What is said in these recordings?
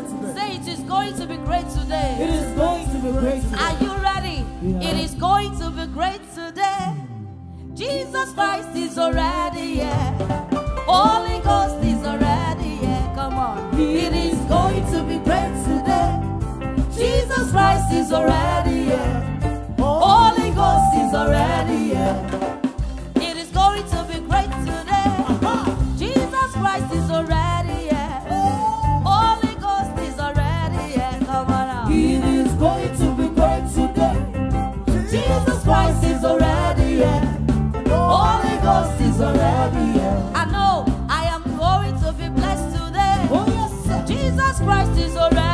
great today. Say it is going to be great today. It is going to be great today. Are you ready? Yeah. It is going to be great today. Jesus Christ is already here. Holy Ghost is already here. Come on. It is going to be great today. Jesus Christ is already here. Holy Ghost is already here. It is going to be great today. Jesus Christ is already Christ is alright.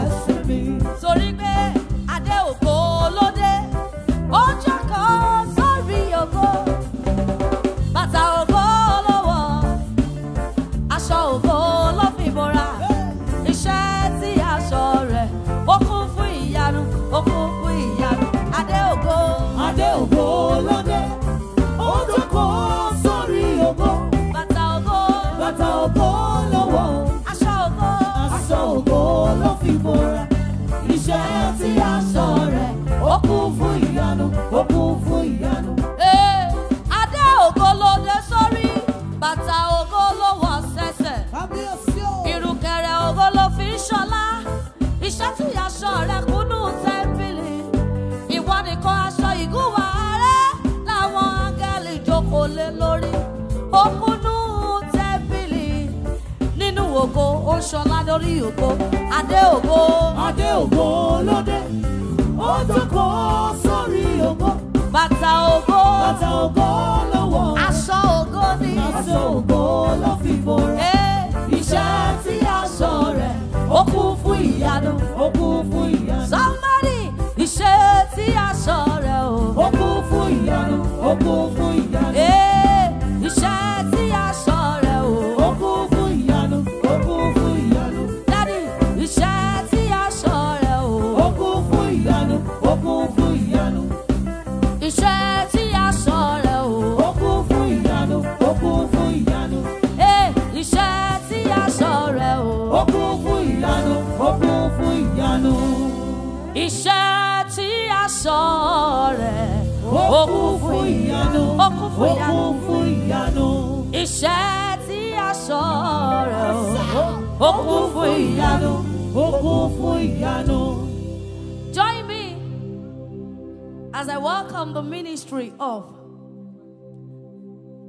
adórí ògo adé ògo. adé ògo lóde ó jókòó sórí ògo. bàtà ògo. bàtà ògo lọ́wọ́. aṣọ ògo ni. aṣọ ògo ló fi bò rẹ̀. iṣẹ́ tí aṣọ rẹ̀ ó kún fún ìyanu. ó kún fún ìyanu. somebody iṣẹ́ tí aṣọ rẹ̀ ó. ó kún fún ìyanu. ó kún fún ìyanu. òkú fún ìyanu òkú fún tí aṣọ rẹ̀ òkú fún ìyanu Join me as I welcome the ministry of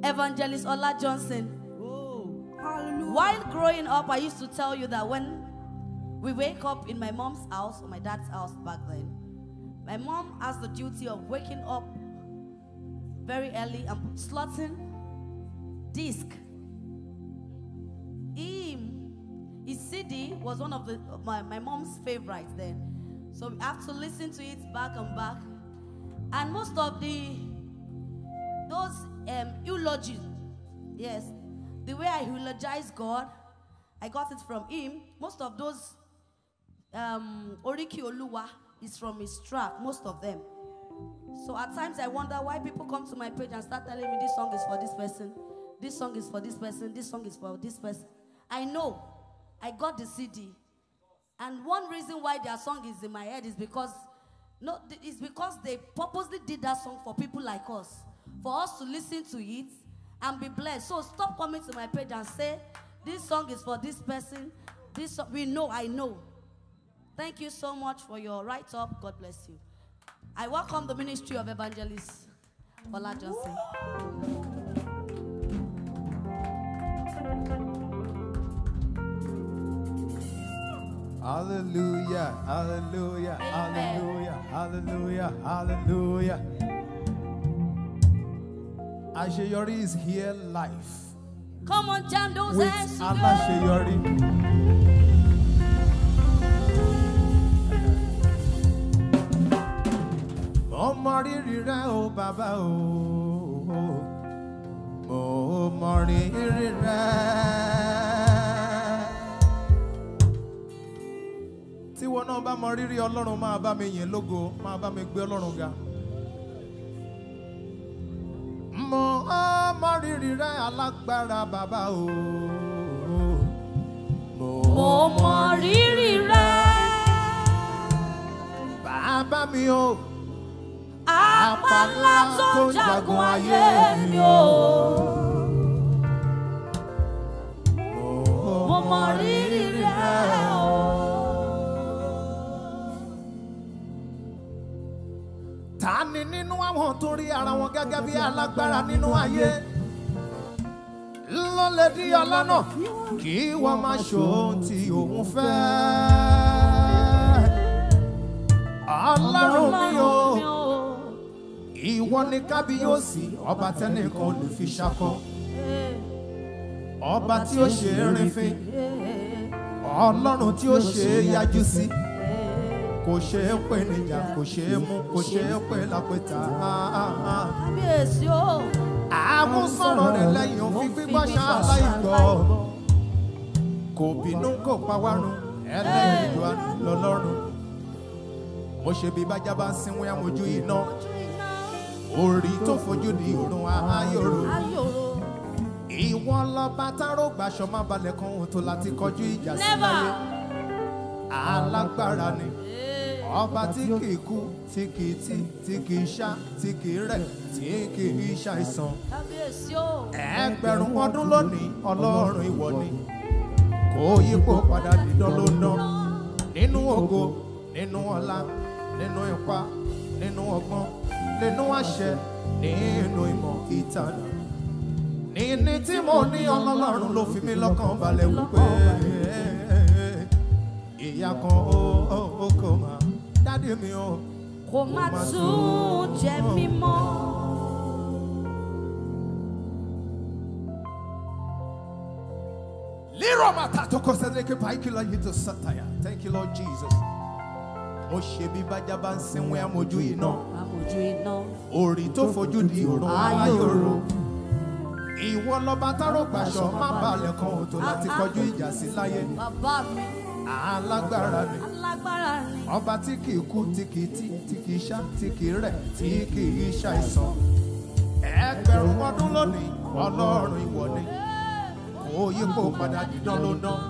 Evangelist Ola Johnson. Oh, While growing up, I used to tell you that when we wake up in my mom's house or my dad's house back then, my mom has the duty of waking up very early I'm slotting disc. Him, his CD was one of the, my, my mom's favorites then. So we have to listen to it back and back. And most of the, those um, eulogies, yes, the way I eulogize God, I got it from him. Most of those um, Oriki Oluwa is from his track, most of them. So at times I wonder why people come to my page and start telling me this song is for this person, this song is for this person, this song is for this person. I know I got the CD. And one reason why their song is in my head is because no, it's because they purposely did that song for people like us, for us to listen to it and be blessed. So stop coming to my page and say, this song is for this person. This we know, I know. Thank you so much for your write-up. God bless you. I welcome the ministry of evangelist Bola Hallelujah, hallelujah, hallelujah, hallelujah, hallelujah. Àṣeyọrí is here life. Come on, jam those With hands. With Aláṣeyọrí. mo mọ rírì o bàbá o mo mọ rírì rẹ. tíwọ náà bá mọ rírì ọlọ́run máa bá mi yìn lógo máa bá mi gbé ọlọ́run ga. mo mọ rírì rẹ alágbára bàbá o mo mọ rírì rẹ. bàbá mi o. Oh àpá ńlá tó ń jagun ayé mi o. mo mọ rírì rẹ o. ta ni nínú àwọn tó rí ara wọn gẹ́gẹ́ bí alágbára nínú ayé ló lè di ọlọ́nà kí wọ́n má ṣòun tí òun fẹ́. ọlọ́run mi oh ìwọ ni kábíyèsí ọba tẹ́nìkan ò lè fi ṣakọ ọba tí ó ṣe é rinfin ọlọ́run tí ó ṣe é yájú sí kò ṣe é pè níjà kò ṣe é mú kò ṣe é pè lápẹta. kábíyèsí o. àwọn sọ̀rọ̀ rẹ̀ lẹ́yìn òfin gbígbọ́ ṣáàlá ìgbọ́ kò bínú kò pawárun ẹlẹ́yìn ìjọ lọ́lọ́run mo ṣe bí bájá bá ń sinwó ẹ̀ mojú iná orí tó fojú di òrùn ahayòrò ìwọ lọba tárógbà ṣọmọ balẹ̀ kan òtò láti kọjú ìjà sí láyé alágbára ni eh. ọba tí kì í kú tí kì í tí tí kì í ṣá tí kì í rẹ̀ tí kì í ṣàìsàn ẹgbẹ̀rún ọdún lónìí ọlọ́run ìwọ ni kò yípo padà dídán ló nínú ògo nínú ọlá nínú ipá nínú ọgbọ́n lẹ́nu àṣẹ nínú ìmọ̀ ìtànà níní tí mo ní ọlọ́run ló fi mí lọ́kàn balẹ̀ wípé ìyá kan ó kò má dádì mi ó kò má tún jẹ mí mọ́. Thank you Lord Jesus jìnnà. orí tó fojú di òrò ayòrò. ìwọ lọba tárọ̀gbàṣọ má balẹ̀ kan òtò láti kọjú ìjà sí láyé. bàbá mi. alágbára ni. alágbára ni. ọba tí kì í kú tí kì í tí tí kì í ṣá tí kì í rẹ̀ tí kì í ṣàìsàn. ẹgbẹ̀rún ọdún lónìí ọlọ́run ìwọ ni. òye kò padà dídán ló dán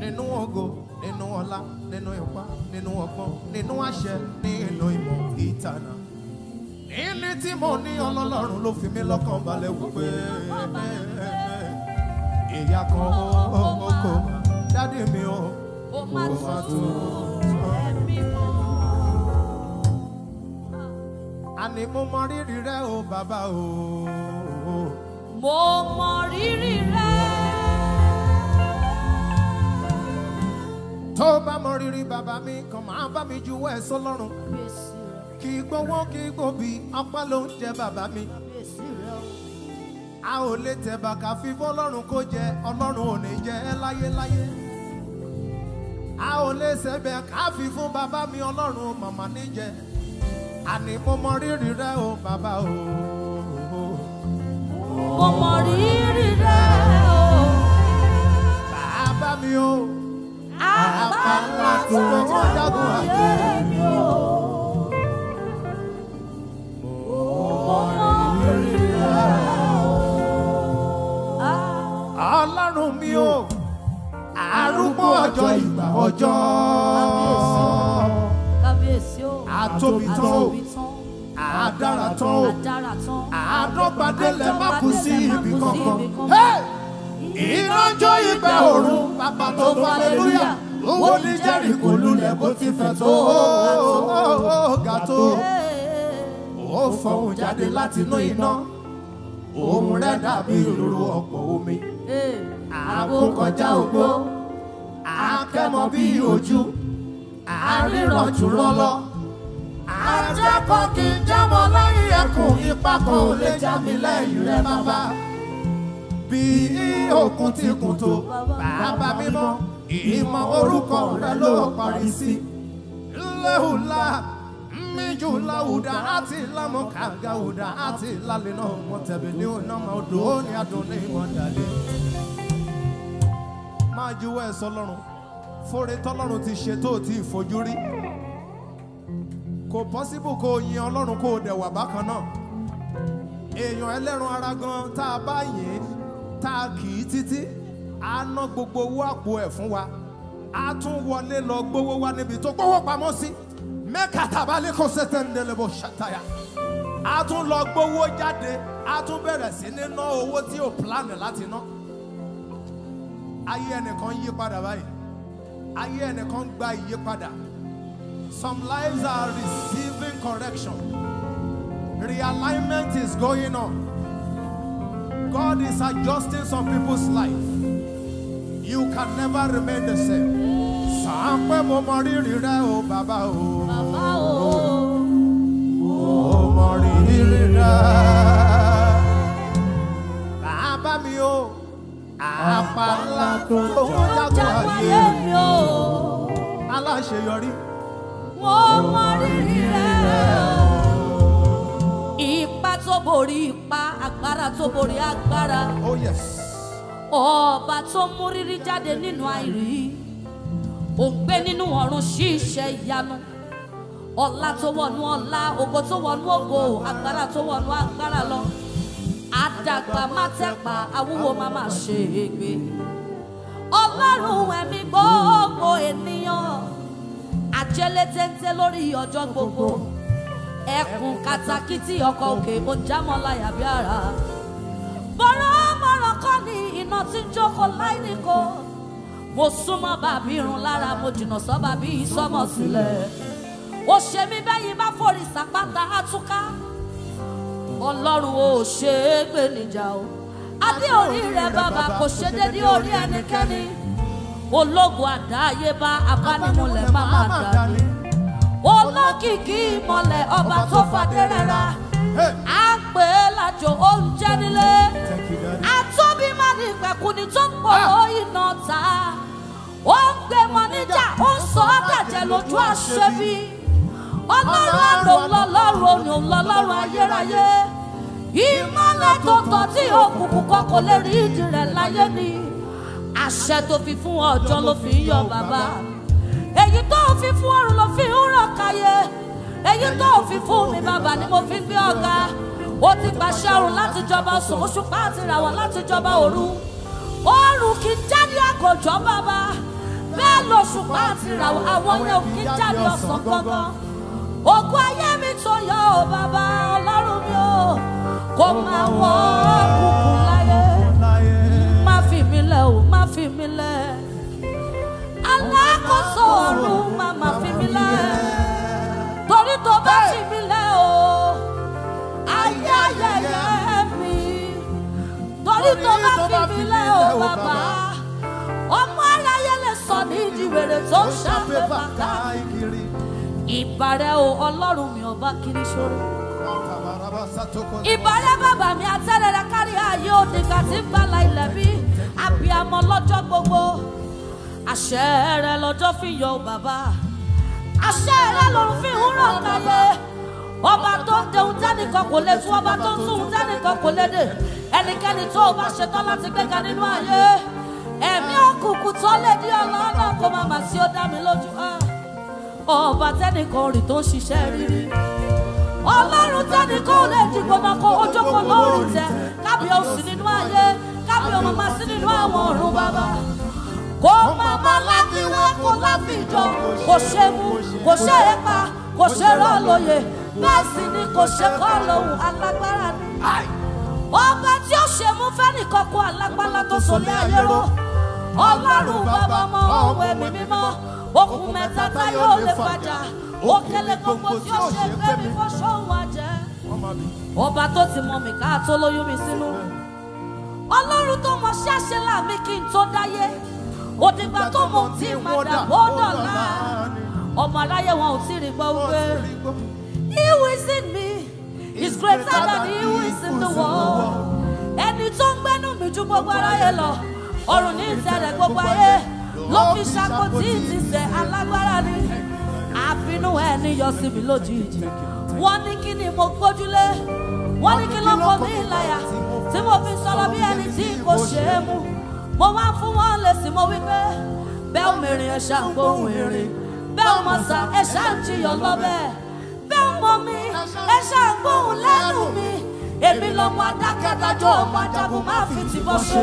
nínú ògo nínú ọlá nínú ipá nínú ọgbọ́n nínú àṣẹ nínú ìmọ̀ ìtànà ìní tí mo ní ọlọ́lọ́run ló fi mí lọ́kàn balẹ̀ wípé ìyá kan kò dádì mi ó kò má tó. àní mo mọ rírì rẹ o bàbá o. mo mọ rírì rẹ. tó bá mọ rírì bàbá mi kàn máa bá mi juwọ́ ẹ sọ́lọ́run. Yes kì í gbowó kì í gbòbí ọpẹ́ ló ń jẹ bàbá mi. a ò lè tẹ̀ bàkà fífọ́ ọlọ́run kó jẹ ọlọ́run ò ní jẹ ẹ́ láyéláyé. a ò lè sẹ́bẹ̀ ká fi fún bàbá mi ọlọ́run màmá níjẹ. àní mo mọ rírì rẹ o bàbá o. mo mọ rírì rẹ o. bàbá mi o. àbá tó kọjá gùn àjẹ́ mi. mi o arúgbó ọjọ́ ìgbà ọjọ́ kábíyèsí o o àdára tán má kú sí ibi kankan iná ìgbà òru bàbá tó fọ́ owó ní jẹ́rìkò lulẹ̀ bó ti fẹ̀ tó ga tó ó fọ̀hún jáde látinú iná òun rẹ̀ dàbí òróró ọ̀pọ̀ omi àbò kọjá ògbó akẹ́mọ bí ojú àríran jùlọ lọ àjẹkọ kì í jámọ lẹ́yìn ẹkùn ipa kan ò lè já mi lẹ́yìn rẹ bàbá bí òkun ti kùn tó bàbá mímọ́ ìmọ̀ orúkọ rẹ ló parí sí lẹ́hùn láà miyu lauda ati lamo kaga uda ati lalino motebi ni unama odo ni adoni modale máa juwọ́ ẹ̀ e sọlọ́run fóore tọ́lọ́run ti ṣe tó ti fojú rí kò pọ́síbù yin ọlọ́run kó dẹ̀ wà bákan náà èèyàn ẹlẹ́ran ara gan tá a bá yìn tá a a ná gbogbo owó àpò ẹ̀ fún wa a tún wọlé lọ gbowó wa níbi tó gbowó pamọ́ Si. a tún lọ gbowó jáde a tún bẹ̀rẹ̀ sí ní ná owó tí ò láti ná ayé ẹnìkan yí padà báyìí ayé ẹnìkan gba ìyípadà some lives are receiving correction realignment is going on God is adjusting some people's life you can never remain the same mo mọ rírì rẹ o bàbá o. o, àpàlà tó ń jagun ayé mi o. Aláṣeyọrí. o. Ipá tó borí ipá, agbára tó borí Oh yes. Ọba tó mú rírí jáde nínú àìrí. Ó gbé nínú ọ̀run sí ìyanu ọ̀la tó wọ̀nú ọ̀la ògo tó wọ̀nú ògo agbára tó wọ̀nú agbára lọ àdàgbà má tẹ̀pà awúwo má má ṣe é gbé ọlọ́run ẹ̀mí gbogbo ènìyàn àjẹlé téńté lórí ọjọ́ gbogbo ẹkùn katakítí ọkọ̀ òkè ó jámọ́ láyà bí ara bọ́rọ̀mọ́rọ̀ kọ́ ni iná tí ń jókòó láìníkó mo súnmọ́ bàbí irun lára mo jìnnà sọ́ bàbí ìsọmọ sílẹ̀ ó ṣe mí bẹ́yìn bá forí sàpáta àtúká ọlọ́run ò ṣe é gbé níjà o adé orí rẹ bàbá kò ṣe dédé orí ẹnikẹ́ni ológun àdáyébá abánimúlẹ̀ máma dání olókìkí ìmọ̀lẹ̀ ọba tó fadérẹ́ra á pè é lájò oúnjẹ nílé àtọ́bí má ní ìpẹ̀kù ni tó ń pòrò ah. iná ta ó ń gbé mọ níjà ó ń sọ ọ́ dàjẹ́ lójú àṣẹbí ọlọ́run àrò lọ́lọ́run òní òun lọ́lọ́run ayérayé ìmọ́lẹ̀ tó tọ́ tí òkùnkùn kan kò lè rí ìdí rẹ̀ láyé ni àṣẹ tó fi fún ọjọ́ ló fi ń yọ bàbá èyí tó fi fún ọ̀run ló fi ń ràn káyé èyí tó fi fún mi bàbá ni mo fi ń gbé ọ̀gá ó ti pàṣẹ ọ̀run láti jọba sùn òṣùpá àti ìràwọ̀ láti jọba òru oòrùn kì í jáde àgọ́jọ́ bàbá bẹ́ẹ̀ lòṣùpá àti ìràwọ̀ àwọn yẹn kì í jáde ọ̀sán gangan ògo ayé mi tó yọ ọ bàbá ọlọ́run mi ò kó máa wọ òkùnkùn láyé má fi mi lẹ̀ o má fi mi lẹ̀ alákòóso ọ̀run má má fi mi lẹ̀ torí tó bá fi mi lẹ̀ o ayé ayẹyẹ mi torí tó bá fi mi lẹ̀ o bàbá ọmọ aráyé lè sọ ní ìdí wèrè tó ń ṣàfẹ́ bàtà ìbàrẹ̀ o ọlọ́run mi ọba kiri ṣòro. ìbàrẹ̀ bàbá mi àtẹ́rẹ̀rẹ̀ kárí ayé òdìgbà tí gbàlà ilẹ̀ bí abiyamọ lọ́jọ́ gbogbo àṣẹ rẹ lọ́jọ́ fi yọ bàbá àṣẹ rẹ lòun fi ń ràn káyé ọba tó ń dehun tẹ́nìkan kò lè tú ọba tó ń túhun tẹ́nìkan kò lè dè ẹnikẹ́ni tó o bá ṣetán láti gbéga nínú ayé ẹ̀mí òkùnkùn tó lè di ọlọ́ọ̀lọ́ kó má má sí ó dá mi lójú. Ah ọba tẹ́nìkan rìn tó ń ṣiṣẹ́ rírí ọlọ́run tẹ́nìkan ò lè dìgbò máa kó ojókòó lórí tẹ kábíyà ò sí nínú ayé kábíyà ò máa sí nínú àwọn ọ̀run bàbá kò màmá láti wá kó láti jọ kò ṣe mú kò ṣe é pa kò ṣe rọ́ lóye bẹ́ẹ̀ sì ni kò ṣe kọ́ lòun alágbára ni ọba tí ó ṣe mú fẹ́nìkan kó alágbára tó sọ ní ayé rọ ọlọ́run bàbá mọ́ ohun ẹ̀mí mímọ́ okùn tó mọ mi láàmì kí n tó dáyé òdìgbà tó mọ tí mà dàbọ̀ dọ̀la ọmọ aláyé wọn ò tí ì rí gbọ́ wípé he who is in me is greater than he who is in the world ẹni tó ń gbẹ́nu mi ju gbogbo aráyé lọ ọ̀run ní ìtẹ̀rẹ̀ gbogbo ayé ló fi ṣàkótí ti alágbára ni àbínú ẹ̀ ní yọ sí mi lójijì wọ́n ní kí ni mo gbójúlé wọ́n ní kí lọ́kọ̀ mi láyà tí mo fi sọ̀rọ̀ bí ẹni tí kò ṣe é mú mo wá fún wọn lèsì mo wí pé bẹ́ẹ̀ mìíràn ẹ̀ ṣàǹgbóhùn ìrìn bẹ́ẹ̀ mọ̀ sà ẹ̀ ṣàǹjiyàn lọ́bẹ̀ bẹ́ẹ̀ mọ̀ mi ẹ̀ ṣàǹgbóhùn lẹ́nu mi èmi lọ́mọ adákẹ́dájọ́ ọmọ ajagun má fi tìbọ̀ ṣe.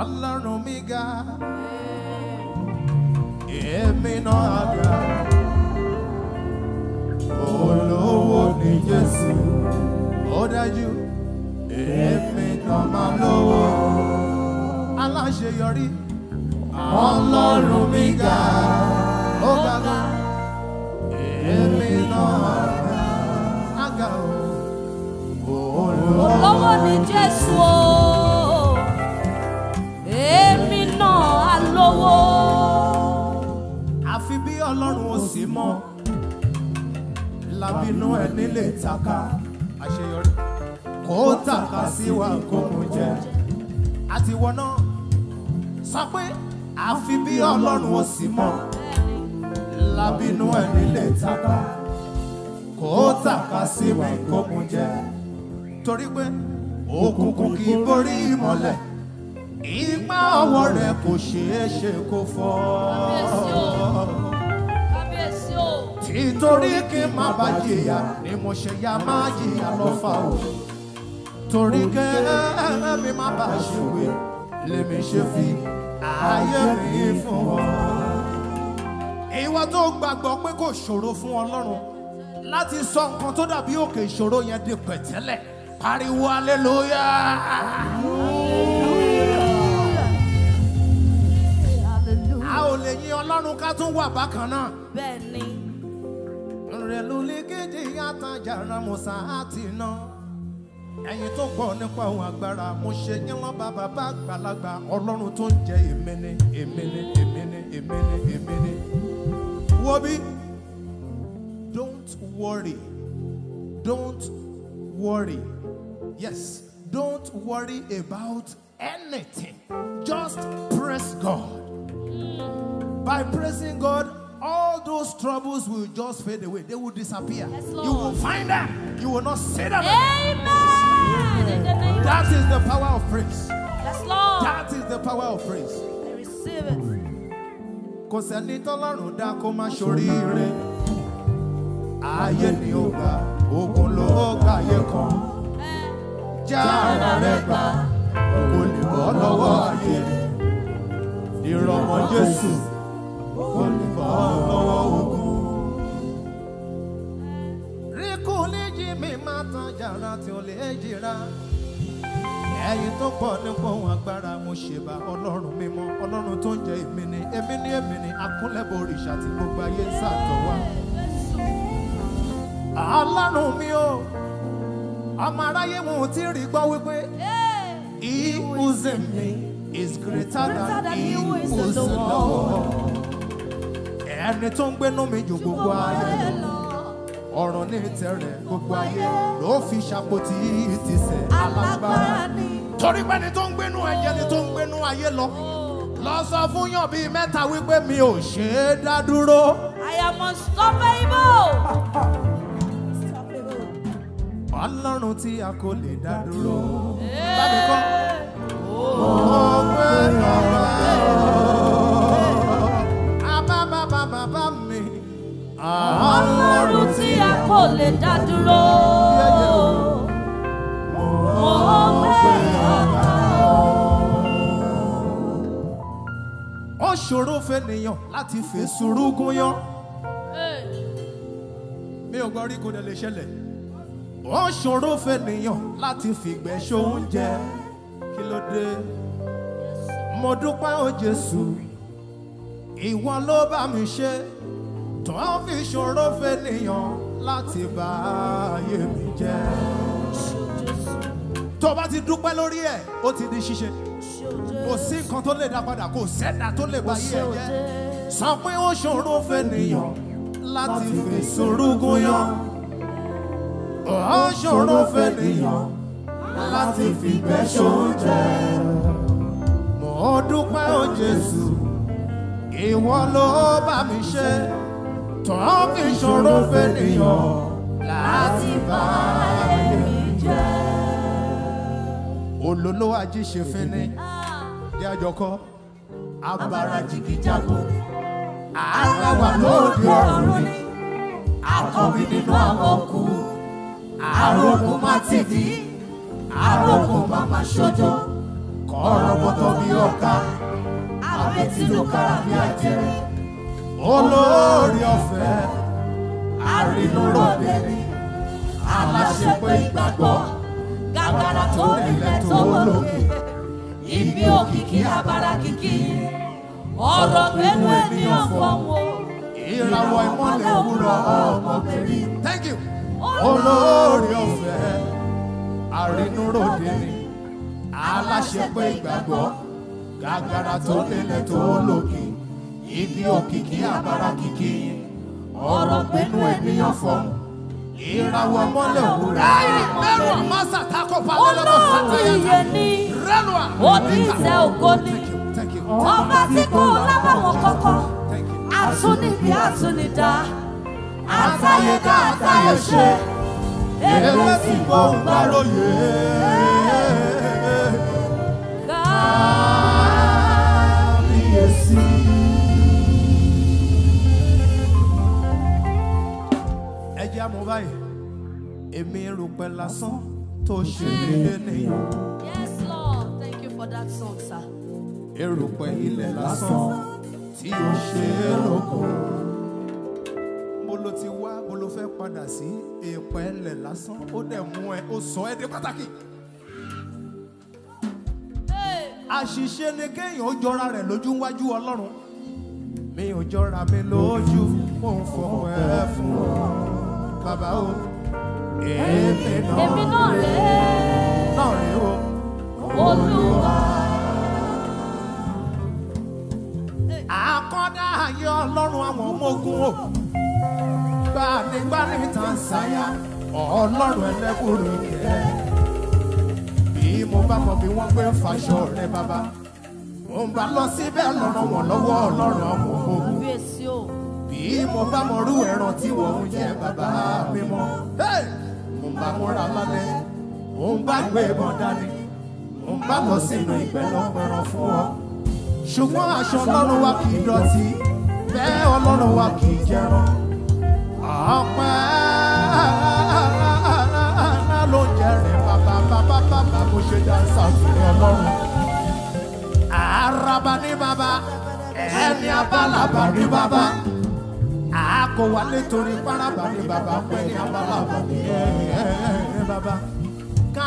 ọlọ́run mi ga èmi náà ga olówó ni Jésù ó dájú èmi náà máa lówó aláṣeyọrí ọlọ́run mi ga ó ga gan èmi náà ga ó olówó ni Jésù ó. lówó. àfi bí ọlọ́run ò sí mọ́ lábínú ẹ nílé ìtaka àṣeyọrí kó tàka sí wa kó mú jẹ. àti ìwọ sọ pé àfi bí ọlọ́run ò sí mọ́ lábínú ẹ nílé ìtaka kó tàka sí wa kó mú jẹ. torí pé òkùnkùn kì í borí ìmọ́lẹ̀. Ipa ọwọ́ rẹ̀ kò ṣeé ṣe kó fọ́. Kábíyèsí o. kí n má bàa jìyà ni mo ṣe ya máa jìyà lọ́fà o. Torí kẹ́ mi má bàa ṣèwé lèmi ṣe fi ààyè mi fún wọn. Ìwọ tó gbàgbọ́ pé kò ṣòro fún Ọlọ́run láti sọ nǹkan tó dàbí òkè ìṣòro yẹn di pẹ̀tẹ́lẹ̀ pariwo hallelujah. a yin ọlọ́run ká tún wà bákan lè ẹ̀yin tó pọ̀ nípa ohun agbára mo ṣe yín bá ọlọ́run jẹ do don't worry don't worry yes don't worry about anything just press God. By praising God, all those troubles will just fade away. They will disappear. Yes, you will find them. You will not see them. Amen. Amen. That is the power of praise. Yes, Lord. That is the power of praise. I receive it. dá Ayé ni ló yé ìrọ̀mọ́ Jésù ó lè bá ọ lọ́wọ́ ogun. ríkù níjì mi máa tan jàrá tí ó lè jìra ẹ̀yin tó pọ̀ nípò ohun agbára mo ṣèbà ọlọ́run mímọ́ ọlọ́run tó ń jẹ èmi ni èmi ni èmi ni akúnlẹ̀bọ òrìṣà tí gbogbo ayé ń sàtọ̀ alárùn mi o ọmọ aráyé wọn ò tí ì rí gbọ́ wípé he who's is greater than he who is in the world. Ẹni tó ń gbénú mi ju gbogbo ayé lọ. Ọ̀rọ̀ ní tẹ̀rẹ̀ gbogbo ayé ló fi ṣàpótí ìtìsẹ̀ alágbára. Torí pé ẹni tó ń gbénú ẹ̀jẹ̀ ni tó ń gbénú ayé lọ. Oh. Lọ sọ fún yàn bíi mẹ́ta wípé mi ò ṣe é dá dúró. I am unstoppable ọlọ́run tí a kò lè dá dúró. Eh. bámi kọ́ ọlọ́run tí a kò lè dá dúró. ó ṣòro fẹ́nìyàn láti fi sùúrù gún yán mi ò gbọ́ rí kò dẹ̀ lè ṣẹlẹ̀ ó ṣòro fẹ́nìyàn láti fìgbẹ́ ṣoúnjẹ kí ló dé mo dúpẹ́ o Jésù ìwọ ló bá mi ṣe tó fi ṣòro fẹ́nìyàn láti bá ayé mi jẹ́ tó bá ti dúpẹ́ lórí ẹ̀ ó ti di ṣíṣe kò sí nǹkan tó lè dá padà kò sẹ́dá tó lè bà ayé ẹ̀ jẹ́ sọ pé ó ṣòro fẹ́nìyàn láti fi sùúrù gúnyán ó ṣòro fẹ́nìyàn láti fìgbẹ́ ṣoúnjẹ. Mo dúpẹ́ o Jésù, ìwọ ló bá mi ṣe, tọ́ kí ìṣòro fẹ́nìyàn láti bá èmi jẹ́. Olólò ajíṣe fínni, jẹ́ àjọkọ́. Abara jìgìjàgbó, ara wà lóde ọ̀run ni, akọ̀wé nínú àwọn kù, àròkùn má ti dì í arókò bàbá ṣojo kọ́rọ̀ bọ́tọ̀ bí ọ̀ka abẹ́tìlúkàrà bí ajẹrẹ olórí ọ̀fẹ́ àrínúròdé ni aláṣepé ìgbàgbọ́ gàgàrà tó nílẹ̀ tó lókè ibi òkìkí abara kìkì ọ̀rọ̀ pẹ̀lú ènìyàn fọwọ́ ìràwọ̀ ìmọ́lẹ̀ òwúrọ̀ ọmọbìnrin olórí ọ̀fẹ́ àrínúròde ni aláṣepé ìgbàgbọ́ gàgàrà tó lélẹ̀ tó lòkè igi òkìkí àbára kìkì ọ̀rọ̀ pinnu ènìyàn fọ̀hún ìràwọ̀ mọ́lẹ̀ òwúrọ̀. mẹ́rù àmásà takò pàlọ́ lọ́wọ́ sátẹ̀yẹ ní oníṣẹ́ ògo ni ọba tí kò lábàwọ̀ kọ́kọ́ àtúnidí àtúnidá àtayédá àtayéṣe ewé sì bò ń gbàròyè. Kábíyèsí. ẹ jẹ́ àmọ́ báyìí Yes Lord, thank you for that song sir. erùpẹ̀ ilẹ̀ lásán lo ti wá bó lo fẹ́ padà sí èèpẹ̀ ẹlẹ̀ lásán ó dẹ̀ mú ẹ ó sọ ẹ́ di pàtàkì. àṣìṣe ni kéèyàn jọra rẹ̀ lójú wájú ọlọ́run mi ò jọra mi lójú mò ń fọwọ́ ẹ fún ọ bàbá o èmi náà rè é náà rè é o olúwa. àkọ́dá ayé ọlọ́run àwọn ọmọ ogun o bá mi gbá ní tàǹsáyà ọlọ́run ẹlẹ́kùnrin ìkẹ́. bí mo bá mọ bí wọ́n gbé fàṣọ rẹ bàbá mo bá lọ síbẹ̀ lọ́rọ̀ wọ̀n lọ́wọ́ ọlọ́run ọmọ ogun. bí mo bá mọ rú ẹran tí wọ́n ń jẹ bàbá mi mọ́ mo bá múra lálẹ́ mo bá gbé ìbọn dání mo bá lọ sínú ìgbẹ́ lọ́pẹ̀rọ̀ fún ọ. ṣùgbọ́n aṣọ ọlọ́run wa kì í dọ̀tí bẹ́ẹ̀ ọlọ́run wa kì í jẹran ọpẹ́ ló jẹrìí bàbá bàbá bàbá mo ṣe dá araba ní bàbá ẹni abálàbà ní bàbá àkó wálé torí páraba ní bàbá pé ní abálàbà ní bàbá ká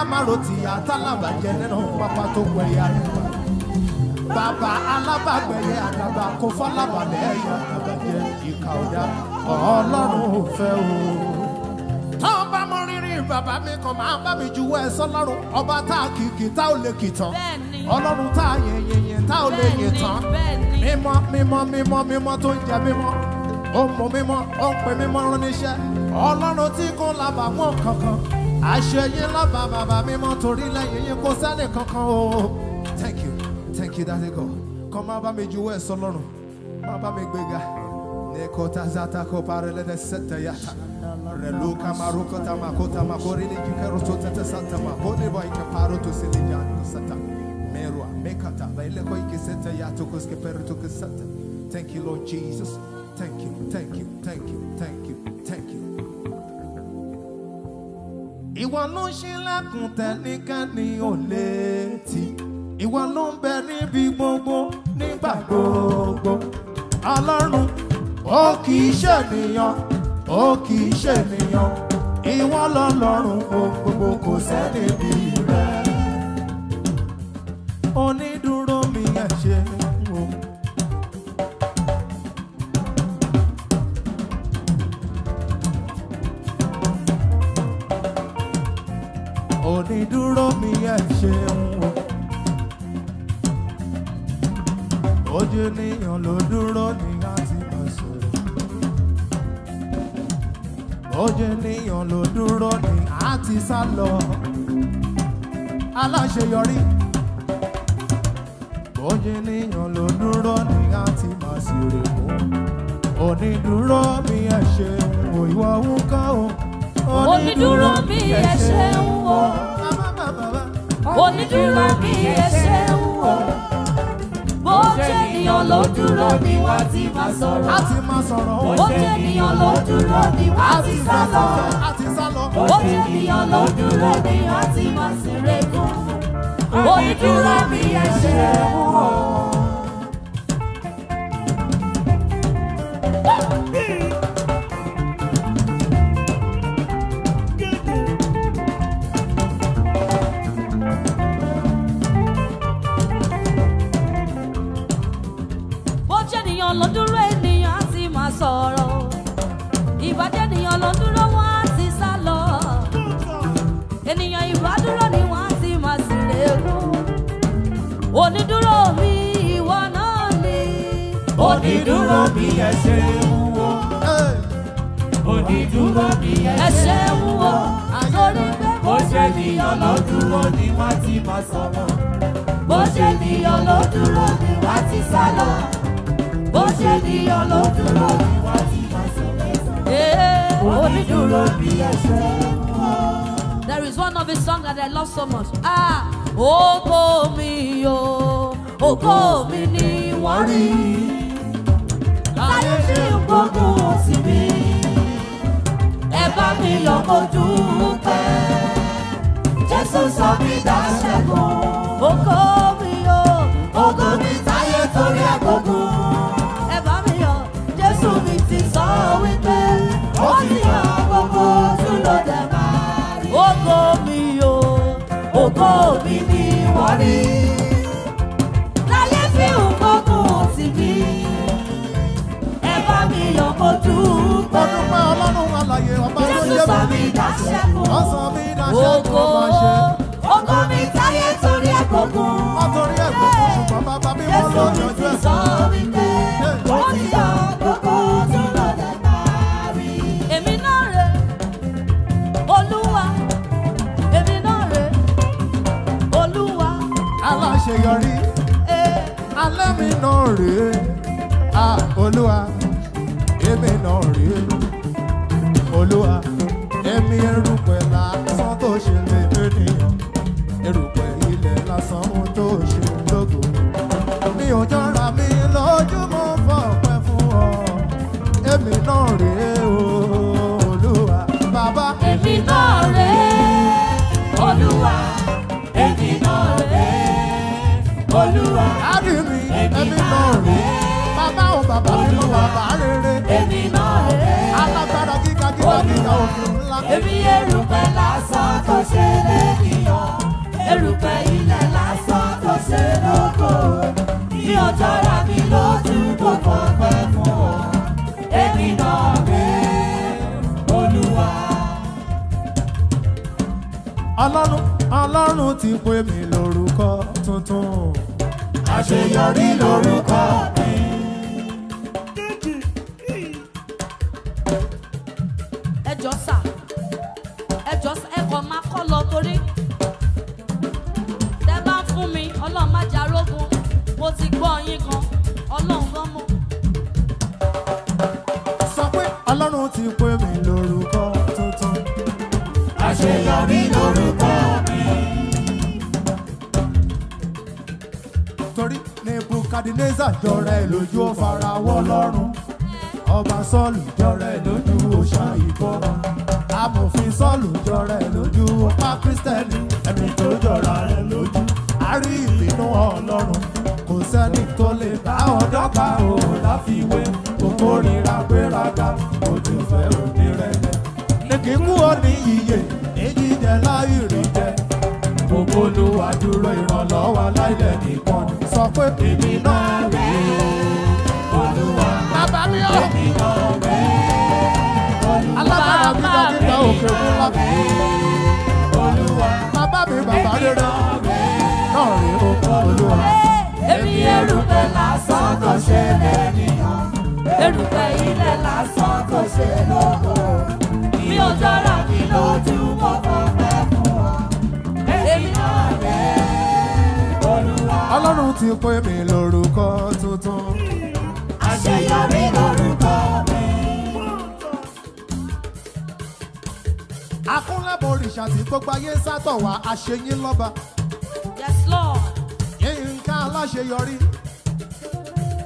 amáró ti àtàlàbà jẹ nínú pápá tó wẹ̀yà ní bàbá bàbá alábàgbẹ̀yẹ kò fọ́lábàlẹ̀ ẹ̀yà àdàbà jẹ ìkà ọ̀dà ọlọ́run fẹ́ o. tó ń bá mọ rírì bàbá mi kan máa bá mi ju ẹ̀sọ́ lọ́rùn ọba tá a kìkì tá ò lè kì tán ọlọ́run tá a yẹn yẹn yẹn tá ò lè yẹn tán mímọ́ mímọ́ mímọ́ mímọ́ tó ń jẹ mímọ́ ó mú mímọ́ ó ń pè mímọ́ ránníṣẹ́ ọlọ́run tí kò lábà wọn kankan àṣeyín lábà bàbá mímọ́ torí lẹ́yìn yín kò sẹ́ni kankan o. thank you thank you daddy god kọ́ máa bá mi ju ẹ̀sọ́ lọ́rùn máa bá mi gbéga. sette yata. to Merua Thank you, Lord Jesus. Thank you, thank you, thank you, thank you, thank you. Ìwọ ló ń ṣe ní òlé tí. Ìwọ ló ń bẹ níbi gbogbo nígbà ó kì í ṣènìyàn ó kì í ṣènìyàn ìwọ lọ́lọ́run gbogbo kò sẹ́ni bíi. sá lọ aláṣeyọrí bóyá ènìyàn ló dúró ní àti máa sì rè mú onídùúró mi ẹ ṣeun o ìwọ ń kọ́ o onídùúró mi ẹ ṣeun o onídùúró mi ẹ ṣeun o bó jẹ́ ènìyàn ló dúró ní wá máa sọ̀rọ̀ bó jẹ́ ló dúró ní wá sá lọ ló dúró ní àti máa sì regún ó ní dúró bí ẹ̀ṣẹ̀ onídúró mi ìwọ náà ni. onídúró mi ẹ ṣeun o onídúró mi ẹ ṣeun o torí pé bó ṣe nìyàn ló ni wọ́n ti máa sọ̀rọ̀ bó ṣe nìyàn ló ni wọ́n ti sá lọ bó ṣe nìyàn ló ni wọ́n ti máa sọ̀rọ̀ eh, onídúró mi ẹ ṣeun o. There is one of his songs that I love so much. Ah, oh, oh, me, oh ògo mi ni wọ́n rí láyé tí ń gbógun òsì mi ẹ bá mi lọ kojú pẹ́ Jésù sọ mí dáṣẹ́gun ògo mi yo, ògo mi táyé torí ẹ̀ gbógun ẹ bá mi yọ Jésù mi ti sọ wípé ó ti hàn gbogbo tún ló dẹ̀ máa rí ògo mi o ògo mi ni wọ́n rí. jésù sọ mí dáṣẹ́gun ògo èmi erùpẹ̀ lásán tó ṣe lẹ́nìyàn erùpẹ̀ ilẹ̀ lásán tó ṣe lóko bí ọjọ́ ra mi lójú tó kọ́ pẹ́ fún ọ èmi náà rèé olúwa. ọlọ́run ọlọ́run ti pè mí lórúkọ tuntun àṣeyọrí lórúkọ. torí nebukadnezar jọra ẹ lójú ó fara wọ́ lọ́rùn ọba sọ́ọ̀lù jọra ẹ lójú ó ṣá ìkọ́ra amòfin sọ́ọ̀lù jọra ẹ lójú ó pa kristẹni ẹni tó jọra ẹ lójú a rí ìbínú ọlọ́run kò sẹ́ni tó lè bá ọ̀dọ́gba o láfiwé kò kórìíra gbéraga kò tó fẹ́ òní rẹ̀ ní kíkú ó ní iye èyí jẹ́ láì rí jẹ́ olúwa dúró ìrànlọ́wọ́ láìlẹ̀ nìkan sọ pé èmi náà rè olúwa bàbá mi ò èmi náà rè alábàárà mi lọ nígbà òkè òkú lọ olúwa bàbá mi bàbá rẹ náà rè okun olúwa. èmi erùpẹ̀ lásán kò ṣe lẹ́nìyàn erùpẹ̀ ilẹ̀ lásán kò ṣe lọ́wọ́ mi ò jọra mi lójú. ọlọ́run ti pè mí lórúkọ tuntun. àṣeyọrí lórúkọ mi. akúnlẹ̀bọ̀ òrìṣà tí gbogbo ayé ń sátọ̀ wá àṣeyín lọ́ba. yes lord. yínká aláṣeyọrí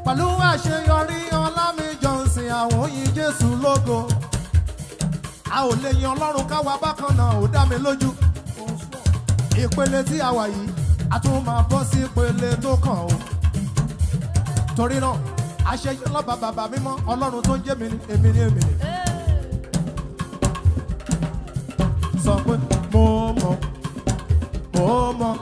pẹ̀lú àṣeyọrí ọlámi johnson àwọn yìí jésù lógo a ò lè yan ọlọ́run káwa bákan náà ò dá mi lójú ìpele tí a wà yìí a tún máa bọ́ sí ìpele tó kàn o torí náà àṣeyẹ lọ́ba bàbá mímọ́ ọlọ́run tó ń jẹ́ mi ni èmi ni èmi ni. sọ pé mo mọ̀ mo mọ̀.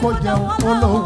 我有我路。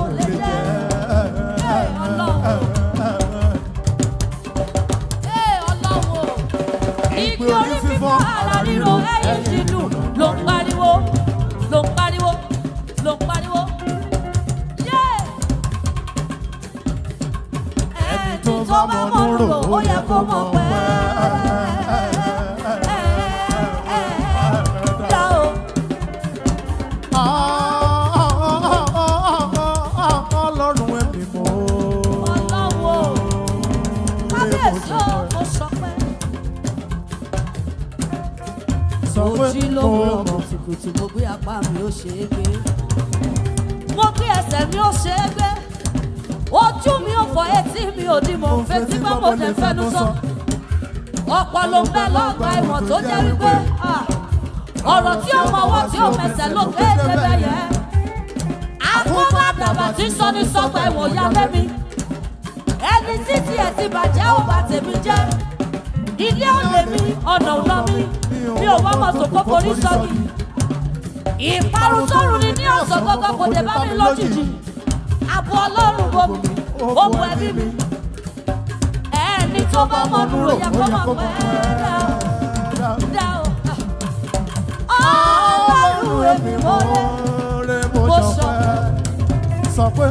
tẹ̀ ló fẹ́ tẹ́lẹ̀ yẹ. àkóbá dàbà tí sọni sọgbà ẹ̀wọ̀n ya lẹ́mi. ẹni títí ẹ̀ ti bàjẹ́ ò bá tèmi jẹ́. ilé òde mi ọ̀nà ọ̀nà mi mi ò wọ́n mọ̀ sòkòkò ní sọ́ọ̀kì. ìparun sọ́run ni ní ọ̀sán gọ́gọ́ kò dé bá mi lójijì. àbọ̀ ọlọ́run wo mi ó bu ẹbí mi. ẹni tó bá mọ̀ nù òyà kọ́mọ̀ pẹ́ẹ́ dá o rẹ̀ mi mọ́lẹ̀ mo sọ pé sọ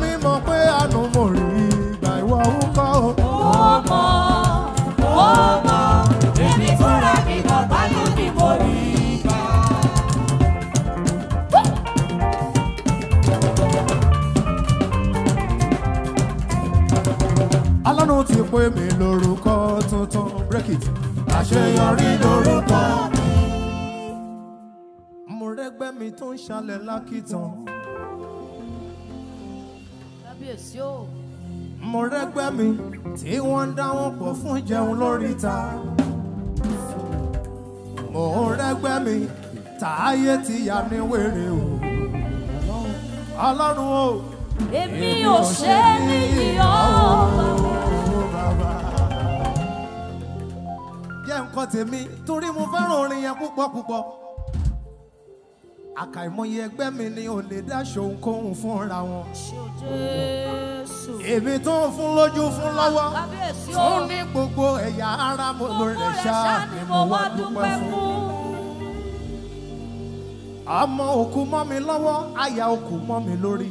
mi mo rí ìgbà ìwọ orúkọ o. mo mọ̀ mo mọ̀ èmi mi mọ̀ pálí mi mo rí ìgbà. alọ́nu ti pè mí lórúkọ tuntun break it àṣeyọrí lórúkọ mi. mo rẹ́gbẹ́ mi tó ń ṣalẹ̀ lákìtàn. kábíyèsí o. mo rẹ́gbẹ́ mi tí wọ́n ń dáwọ́n pọ̀ fún jẹun lóríta. mo rẹ́gbẹ́ mi tààyè ti yà ní wèrè o. ọlọ́run o. èmi ò ṣe é níyì ọ́ jẹ́ nǹkan tèmi torí mo fẹ́ràn orin yẹn púpọ̀ púpọ̀ àkàìmọye ẹgbẹ́ mi ni ò lè dáṣọ ohunkóhun fúnra wọn. èmi tó ń fún lójú fún lọ́wọ́ fún ní gbogbo ẹ̀yà ara mo lò rẹ̀ ṣá ni mo wá dúpẹ́ fún. àmọ́ òkú mọ́ mi lọ́wọ́ àyà òkú mọ́ mi lórí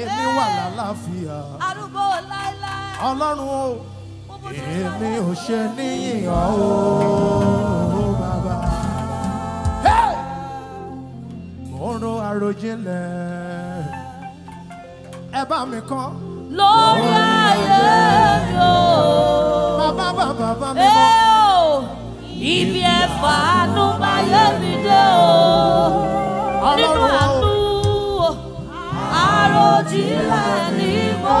èmi wà lálàáfíà. arúgbó láéláé. ọlọ́run o èmi ò ṣe níyìn ọ́ o bàbá. mo ń mi kọ́. lórí ayé mi o. bàbá bàbá bá ibi ẹ̀fà àánú bá yé mi dé ni mo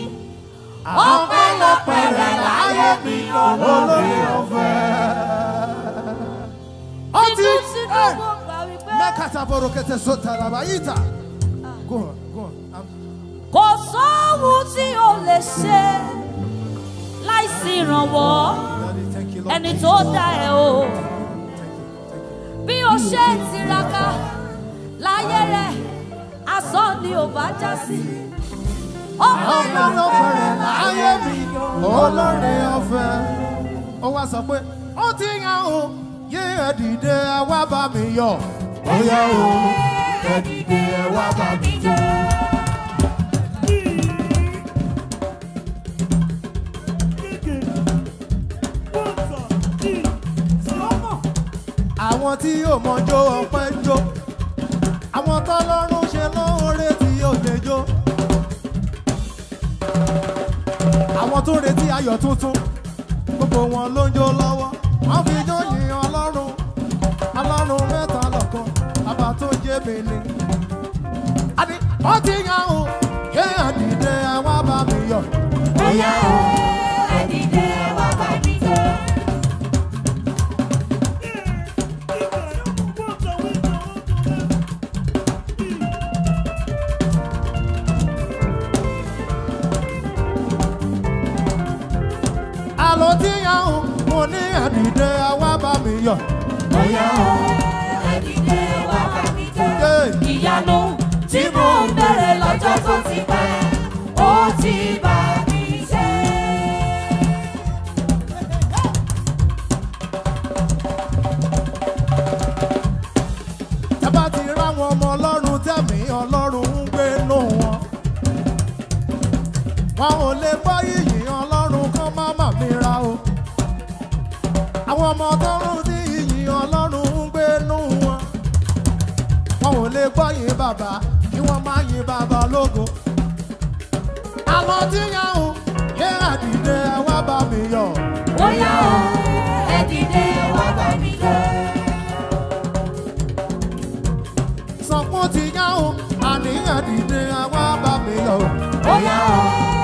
ọpẹ́lọpẹ́ rẹ̀ láyé mi olórí ọ̀fẹ́. ó ti ẹ mẹ́kàtà borokẹ́tẹ̀ sọ́tà làbá yìí ta. kò sóhun tí o lè ṣe láìsí ìrànwọ́ ẹni tó dá ẹ o bí o ṣe ń tiraka láyé rẹ asán ni ò bá já sí ọpẹ́ lọ́fẹ́ rẹ̀ láyé mi olóore ọ̀fẹ́. ó wá sọ pé ó ti yan o yé ẹ̀dìdẹ́ wá bá mi yọ̀. ó yá o ẹ̀dìdẹ́ wá bá mi yọ̀. àwọn tí yóò mọ jó ọpẹ́ jó àwọn tọ́lọ́run ṣe lọ. àwọn tó ń retí ayọ̀ tuntun gbogbo wọn ló ń jó lọ́wọ́ wọ́n fi jó yìn ọlọ́run ọlọ́run mẹ́ta lọ́kan bàbá tó jẹ́ mi ni. àní ó ti yàn ó yé àdìdẹ wá bá mi yọ̀ ó dìde àwa bá mi yọ̀. mo yọ̀ ọ́ ẹ dìde wá bá mi jó. ìyanu tí mò ń bẹ̀rẹ̀ lọ́jọ́ tó ti pẹ́ ó ti bá. ò lè gbọ́ yìn bàbá kí wọ́n má yìn bàbá lógo. àwọn tí yàn ń yé àdìdẹ wá bá mi yọ̀. ó yá o ẹ̀dìdẹ wá bá mi yọ̀. sọ̀kún ti yàn ń àníyàn dìde wá bá mi yọ̀. ó yá o.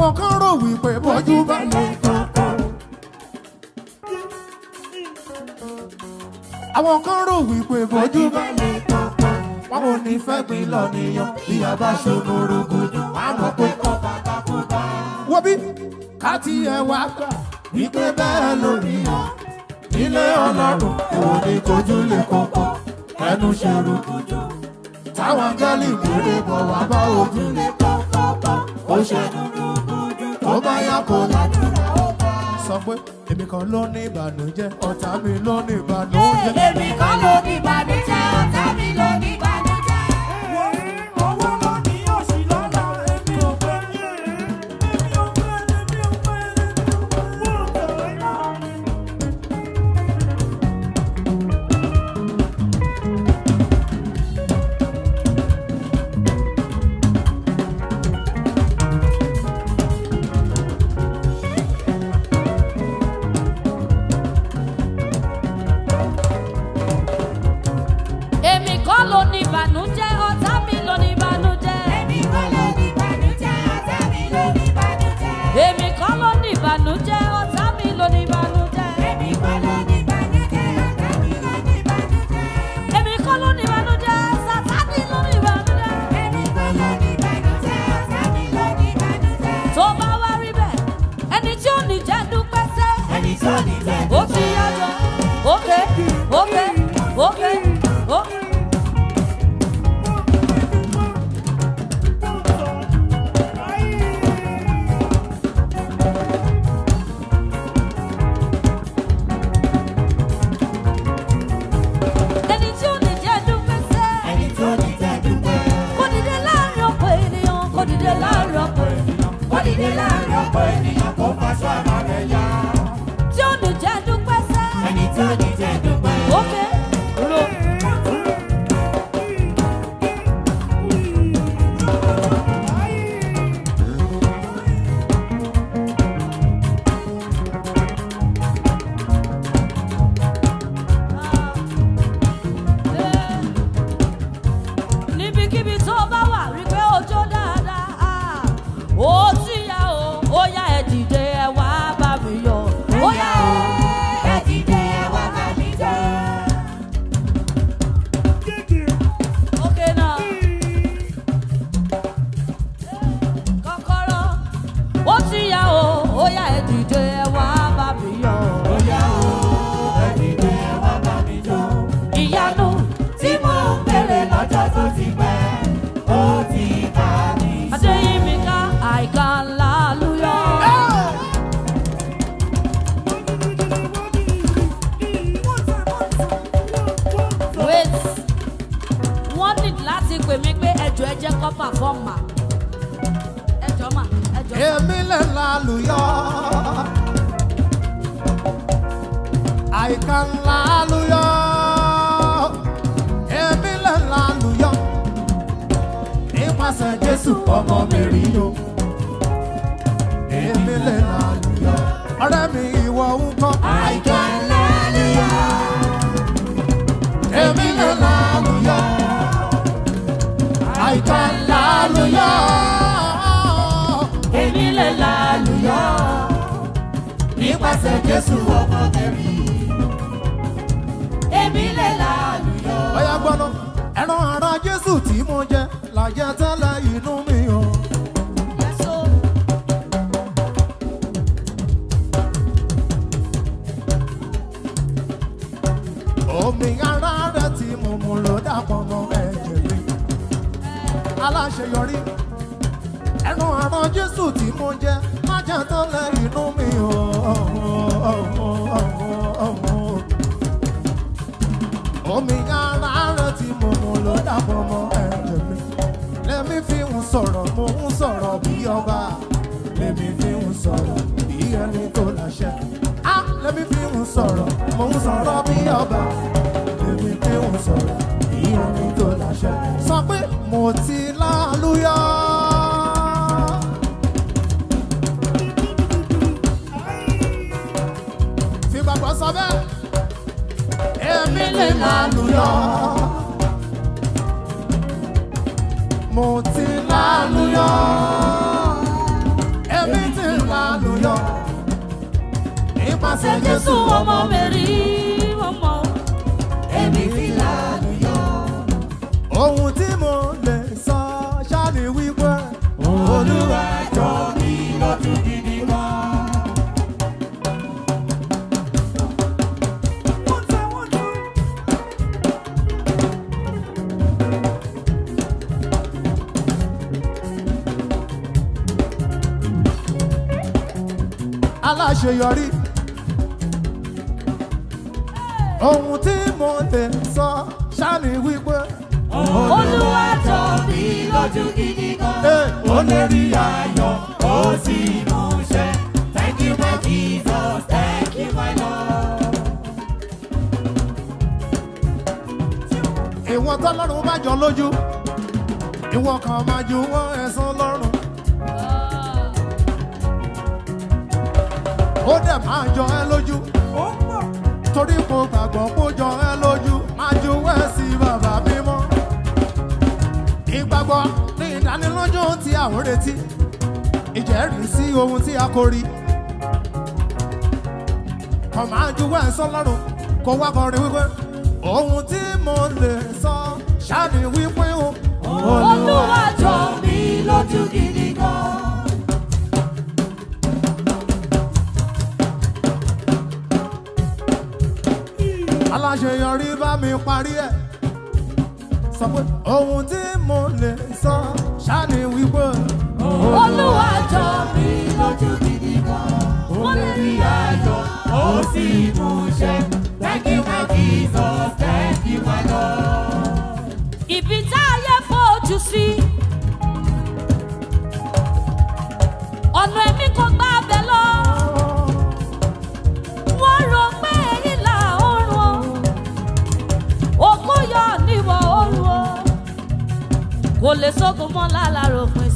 àwọn kan rò wípé bójú bá lè kankan. àwọn kan rò wípé bójú bá lè kankan. wọn ò ní fẹ́ gbin lọ nìyàn bí a bá ṣòro rògbòdò àwọn pé kọ́ bàbá kó bá. wọ́n bí ká tiẹ̀ wá gbà wípé bẹ́ẹ̀ lórí wọn nílé ọlọ́run èwo ni kojú lè kókó ẹnu ṣe rúkújú táwọn gẹ́lì kéré bọ̀ wá bá ojú lè kọ́kọ́ bọ̀ ó ṣe bó bá yá kó ládùúrà ó bá. sọ pé èmi kan ló ní ìbànújẹ́ ọ̀tá mi ló ní ìbànújẹ́. èmi kan ló ní ìbànújẹ́. ọmọ mi rí o. Èmi lè nà Ọ̀rẹ́ mi ìwọ ń Àìjọ lálẹ́yà. Èmi lè nà Àìjọ lálùyọ. Èmi lè nà Nípasẹ̀ Jésù ọmọ mi Èmi lè nà ẹran ara Jésù tí mo jẹ lájẹ́ àṣeyọrí ẹnu àrùn Jésù tí mo jẹ má jà tán lẹ́yìn inú mi o. omi yàrá rẹ tí mo mú ló dàpọ̀ mọ́ ẹ̀jẹ̀ mi lẹ́mí fi ń sọ̀rọ̀ mo ń sọ̀rọ̀ bí ọba lẹ́mí fi ń sọ̀rọ̀ bí ẹni tó láṣẹ. á fi ń sọ̀rọ̀ mo ń sọ̀rọ̀ bí ọba lẹ́mí fi ń sọ̀rọ̀ bí ẹni tó láṣẹ. sọ pé Moti laluya. lálùyọ. fìgbàgbọ́ sọ bẹ́ẹ̀. èmi lè lálùyọ. mo ti lálùyọ. èmi ti lálùyọ. nípasẹ̀ Jésù ọmọ mi rí láṣeyọrí. ohun tí mo tẹ̀ sọ ṣáàmì wípé. olúwa jọ bí lójú gidi gan. ó lè rí ayọ̀ ó sì mú ṣẹ. thank you my Jesus thank you my Lord. ìwọ̀n tọ́lọ́run bá jọ lójú ìwọ̀n kan máa ju wọ́n. ó dẹ̀ máa jọ ẹ́ lójú. ó pọ̀. torí kò gbàgbọ́ kó jọ ẹ́ lójú máa ju ẹ́ sí bàbá mímọ́. ìgbàgbọ́ ní ìdánilójú tí à ń retí ìjẹ́rìí sí ohun tí a kò rí. kò máa ju ẹ́ sọ́lọ́run kó wá kọrin wípé ohun tí mo lè sọ ṣáà ni wípé o. olúwa jọ mi lójú gidi gan. àṣeyọrí bá mi parí ẹ̀ sọ pé ohun tí mo lè sọ ṣáà wípé. olúwa jọ mi lójú gidi gan mo lè rí ayọ̀ ó sì mú ṣẹ thank you my Jesus thank you my tá a yẹ fojú sí. kò lè sógun mọ́ lálàrò fún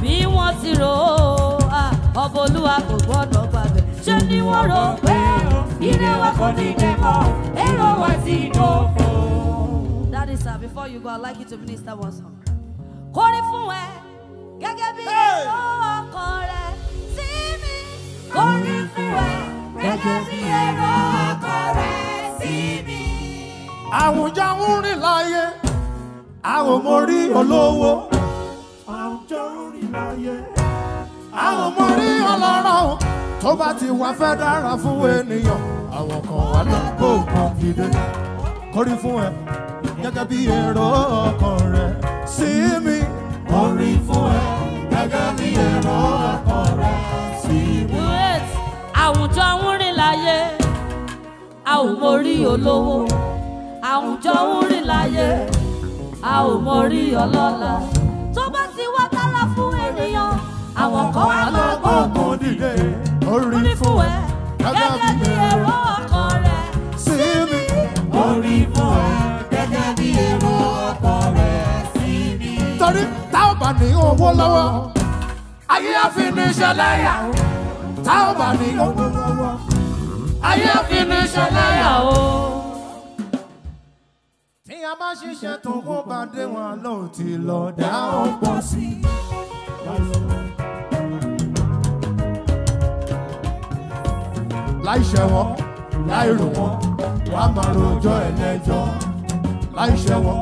bí wọ́n ti rò ó ọba kò gbọ́dọ̀ gbàgbẹ́ ṣé ni wọ́n rò pé ilé wa kò ní dẹ́mọ̀ èrò wa ti dòfò. Daddy sir before you go I'd like you to minister one song. kọrin fún ẹ gẹ́gẹ́ bí ọkọ rẹ sí mi kọrin fún ẹ gẹ́gẹ́ bí ẹ̀rọ ọkọ rẹ sí mi. àwùjọ ń rìn láyé a ò mọ rí olówó àwùjọ orí láyé a ò mọ rí ọlọ́rọ̀ tó bá ti wá fẹ́ dára fún ènìyàn àwọn kan wà lọ́gbọ̀ kan dìde kọrí fún ẹ gẹ́gẹ́ bí èrò ọkàn rẹ sí mi kọrí fún ẹ gẹ́gẹ́ bí èrò ọkàn rẹ sí mi. àwùjọ ń rìn láyé a ò rí olówó àwùjọ ń rìn láyé a ò mọ rí ọlọ́lá. tó bá ti wá dára fún ènìyàn àwọn kan wá lọ gbọ́ngàn dìde orí fún ẹ gẹ́gẹ́ bí èrò ọkàn rẹ sí mi. orí fún ẹ gẹ́gẹ́ bí èrò ọkàn rẹ sí mi. torí tá ò bá ní owó lọ́wọ́ ayé àfi ní tá ò bá ní owó lọ́wọ́ ayé àfi ní o bá ṣiṣẹ́ tó kó bá dé wọn lọ ti lọ dá ó pọ̀ sí i. láì ṣẹ̀ wọ́n láì rò wọ́n wàá máa rojọ́ ẹlẹ́jọ́ láì ṣẹ̀ wọ́n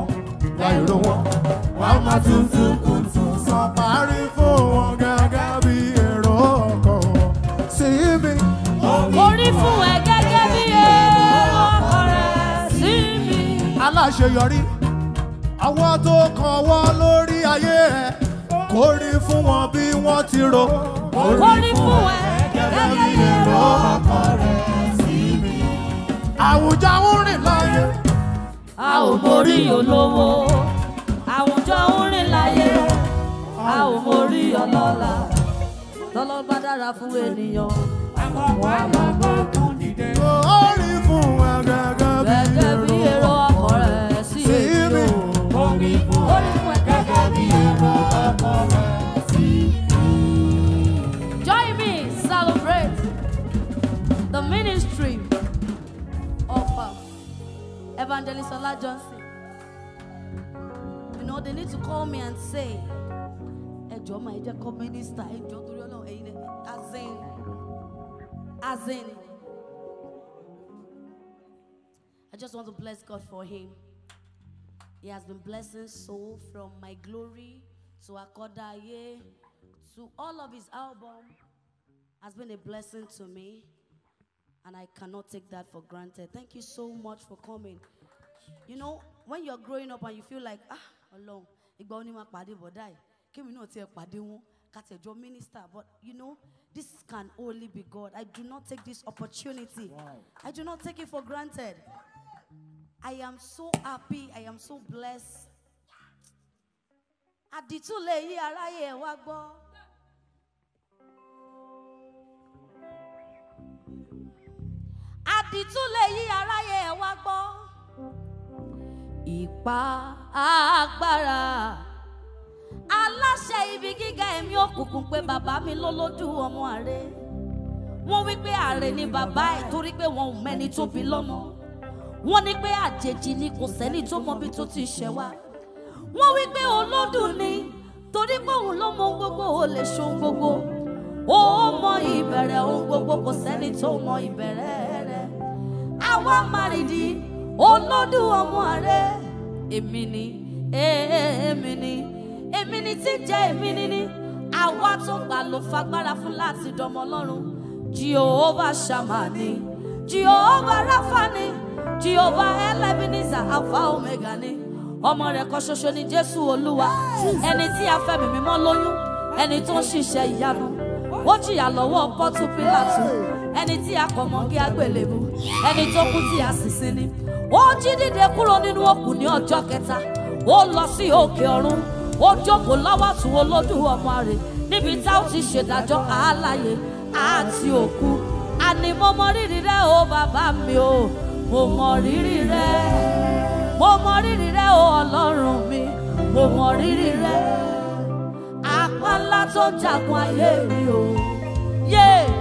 láì rò wọ́n wàá máa tuntun kùtù sọ parí. àṣeyọrí àwọn tó kàn wọ́ lórí ayé ẹ kò rí fún wọn bí wọ́n ti rò kò rí fún ẹ gẹ́gẹ́ bí èrò ọkàn rẹ sí mi. àwùjọ ń rìn láyé a ò borí olówó àwùjọ ń rìn láyé a ò borí ọlọ́lá lọ́lọ́ bá dára fún ènìyàn àkọ́kọ́ àkọ́kọ́ kan. Evangelist Ola Johnson. You know, they need to call me and say, Ejo, my Ejo, minister, Ejo, Toriolo, as in, as in. I just want to bless God for him. He has been blessing so from my glory to Akodaye to all of his album has been a blessing to me. And I cannot take that for granted. Thank you so much for coming. You know, when you're growing up and you feel like, ah, alone, ìgbà wo ni màá pàdé bọ̀dá yìí, minister. But you know, this can only be God. I do not take this opportunity. Wow. I do not take it for granted. I am so happy. I am so blessed. Àdìtúlẹ̀ yìí aráyé ẹ̀ wá ìtúlẹ̀ yí aráyé ẹ̀ wá gbọ́. ipa agbára aláṣẹ ibi gíga ẹ̀mí òkùnkùn pé bàbá mi lólódù ọmọ àrè wọ́n wí pé àrè ni bàbá ẹ̀ torí pé wọn ò mẹ́ni tó bí lọ́mọ wọ́n ní pé àjèjì ni kò sẹ́ni tó mọbi tó ti ṣẹ̀ wá wọ́n wí pé olódùn ni torí pé ló mọ ohun gbogbo ò lè ṣe ohun gbogbo ó mọ ìbẹ̀rẹ̀ ohun gbogbo kò sẹ́ni tó mọ ìbẹ̀rẹ̀ àwa màrìdì olódù ọmọ rẹ èmi ni e, e, èmi ni èmi ni tí jẹ́ èmi ni ni àwa tó gbà ló fagbára fún láti dọmọ ọlọ́run Jehovah shamani Jehovah rafani Jehovah elebiniza alpha omega ni ọmọ rẹ̀ kan ṣoṣo ni Jésù Olúwa ẹni tí a fẹ̀mí mímọ́ lóyún ẹni tó ń ṣiṣẹ́ ìyanu ó jìyà lọ́wọ́ pọ́tù Pílátù ẹni tí a kọ̀ mọ́ kí a gbèlébù ẹni tó kú tí a sì sí ni ó jí dìde kúrò nínú òkú ní ọjọ́ kẹta ó lọ sí òkè ọ̀run ó jókòó lọ́wọ́ tún Olódùmarè níbi tá ó ti ṣèdájọ́ àálàyé àti òkú àní mo mọ rírì rẹ o bàbá mi o mo mọ rírì rẹ mo mọ rírì rẹ o Ọlọ́run mi mo mọ rírì rẹ apá ńlá tó jagun ayé mi o Yeah.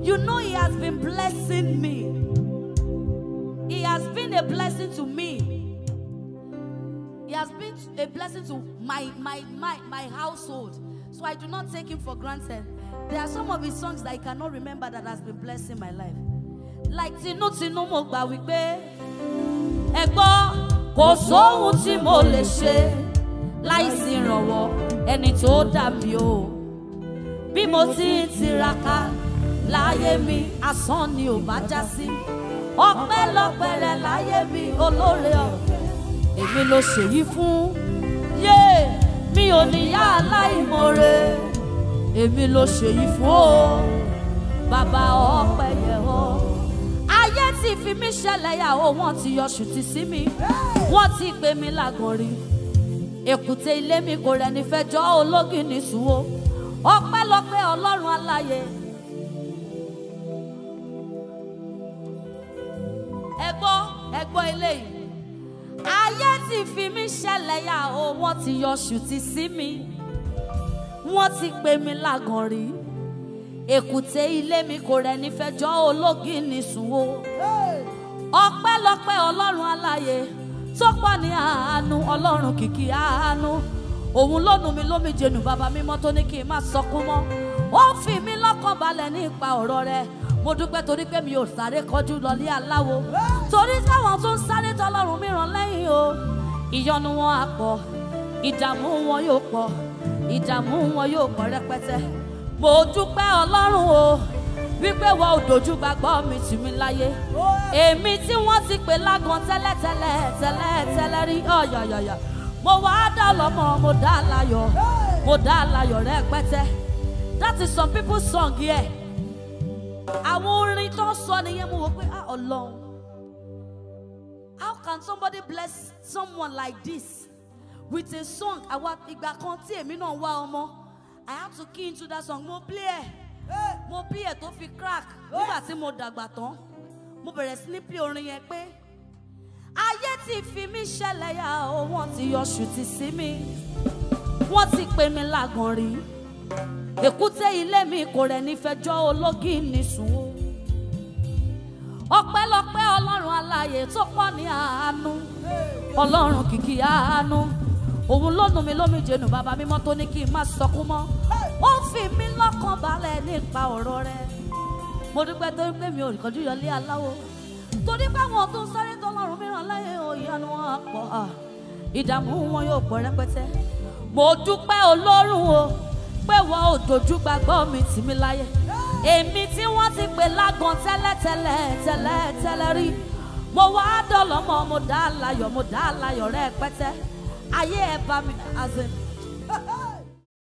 You know he has been blessing me. He has been a blessing to me. He has been a blessing to my, my, my, my household. So I do not take him for granted. There are some of his songs that I cannot remember that has been blessing my life. Like Tinu Tinu mo gbà wípé ẹ̀gbọ́ uti sóhun tí mo lè láìsí ìrànwọ́ ẹni tó dà mí o. bí mo ti ń tiraka láyé mi asán ni ò bá já sí ọpẹ́ lọ́pẹ́ láyé mi olóore ọ̀fẹ́ èmi ló ṣèyí fún yé mi ò níyá aláìmoore èmi ló ṣèyí fún o bàbá ọpẹ́ yẹ ọ ayé ti fi mí ṣẹlẹ̀ yàwó wọ́n ti yọ ṣùtì sí mi wọ́n ti gbé mi lágọ̀rí èkúté ilé mi kò rẹni fẹjọ́ ológin nìṣúwó ọpẹ́lọpẹ́ Ọlọ́run aláyé. ẹ gbọ́ ẹ gbọ́ eléyìí ayé ti fi mí ya o wọ́n ti yọ ṣùtì sí mi wọ́n ti pè mí lágàn rí èkúté ilé mi kò rẹ́ni fẹjọ́ ológìnní sùn o ọpẹ́lọpẹ́ Ọlọ́run aláyé tó pọ̀ ní àánú Ọlọ́run kìkì àánú òun ló nù mí lómijé nù bàbá mímọ́ tó ní kí n má sọkún mọ́ ó fi mí lọ́kàn balẹ̀ ní ipa ọ̀rọ̀ rẹ mo dúpẹ́ torí pé mi ò sáré kọjú lọlé aláwo torí táwọn tó ń sáré tọlọ́run mi ràn lẹ́yìn o ìyọnu wọn á pọ̀ ìdààmú wọn yóò pọ̀ ìdààmú wọn yóò pọ̀ rẹpẹtẹ mo dúpẹ́ ọlọ́run o wípé wọn ò dojú gbàgbọ́ mi tì mí láyé èmi tí wọ́n ti pè lágan tẹ́lẹ̀tẹ́lẹ̀ tẹ́lẹ̀tẹ́lẹ̀ rí ọ̀yọ̀yọ̀yọ̀ mo wá dá lọ́mọ mo dá láyọ̀ mo dá láyọ̀ rẹpẹtẹ that is some people song here àwọn orin tó ń sọ nìyẹn mo wò pé ah Ọlọ́run how can somebody bless someone like this with a song àwa ìgbà kan tí èmi náà wá ọmọ I had to key into that song mo play ẹ mo play ẹ tó fi crack nígbà tí mo dàgbà tán mo bẹ̀rẹ̀ sí ní play orin yẹn pé ayé ti fi mí ṣẹlẹ́yà o wọ́n ti yọṣù ti sí mi wọ́n ti pè mí lágàn rí èkúté ilé mi kò rẹ̀ nífẹ̀jọ́ ológi nìṣùn o ọpẹ́lọpẹ́ ọlọ́run alààyè tó pọ̀ ní àánú ọlọ́run kìkì àánú òun ló nu mi lómi jẹnu bàbá mímọ́ tó ní kí n má sọkún mọ́ ó fi mí lọ́kàn balẹ̀ nípa ọ̀rọ̀ rẹ̀ mo dúpẹ́ tó ń pè mí òrìkànjú yọlé aláwo torí páwọn tó ń sáré tọ́lọ́run mìíràn láyé ìyanu wọn á pọ̀ à ìdààmú wọn yóò pọ̀ rẹpẹtẹ mo dúpẹ́ Ọlọ́run o pé wọ́n ò dojú gbàgbọ́ mi tì mí láyé èmi tí wọ́n ti pè lágan tẹ́lẹ̀tẹ́lẹ̀ tẹ́lẹ̀tẹ́lẹ̀ rí mo wá dọ̀lọ́mọ mo dá láyọ̀ mo dá láyọ̀ rẹpẹtẹ ayé ẹ̀ bá mi azẹ́ni.